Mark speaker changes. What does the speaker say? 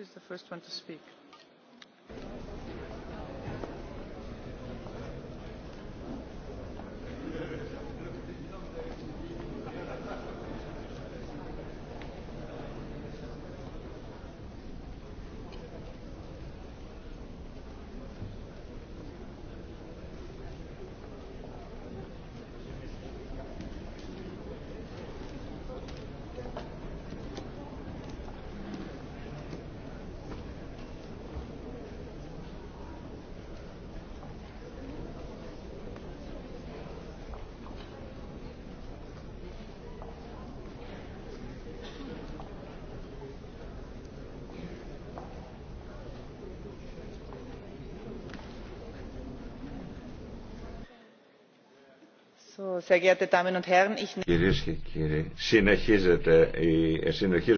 Speaker 1: is the first one to speak.
Speaker 2: Κυρίες
Speaker 3: και κύριοι, συνεχίζεται η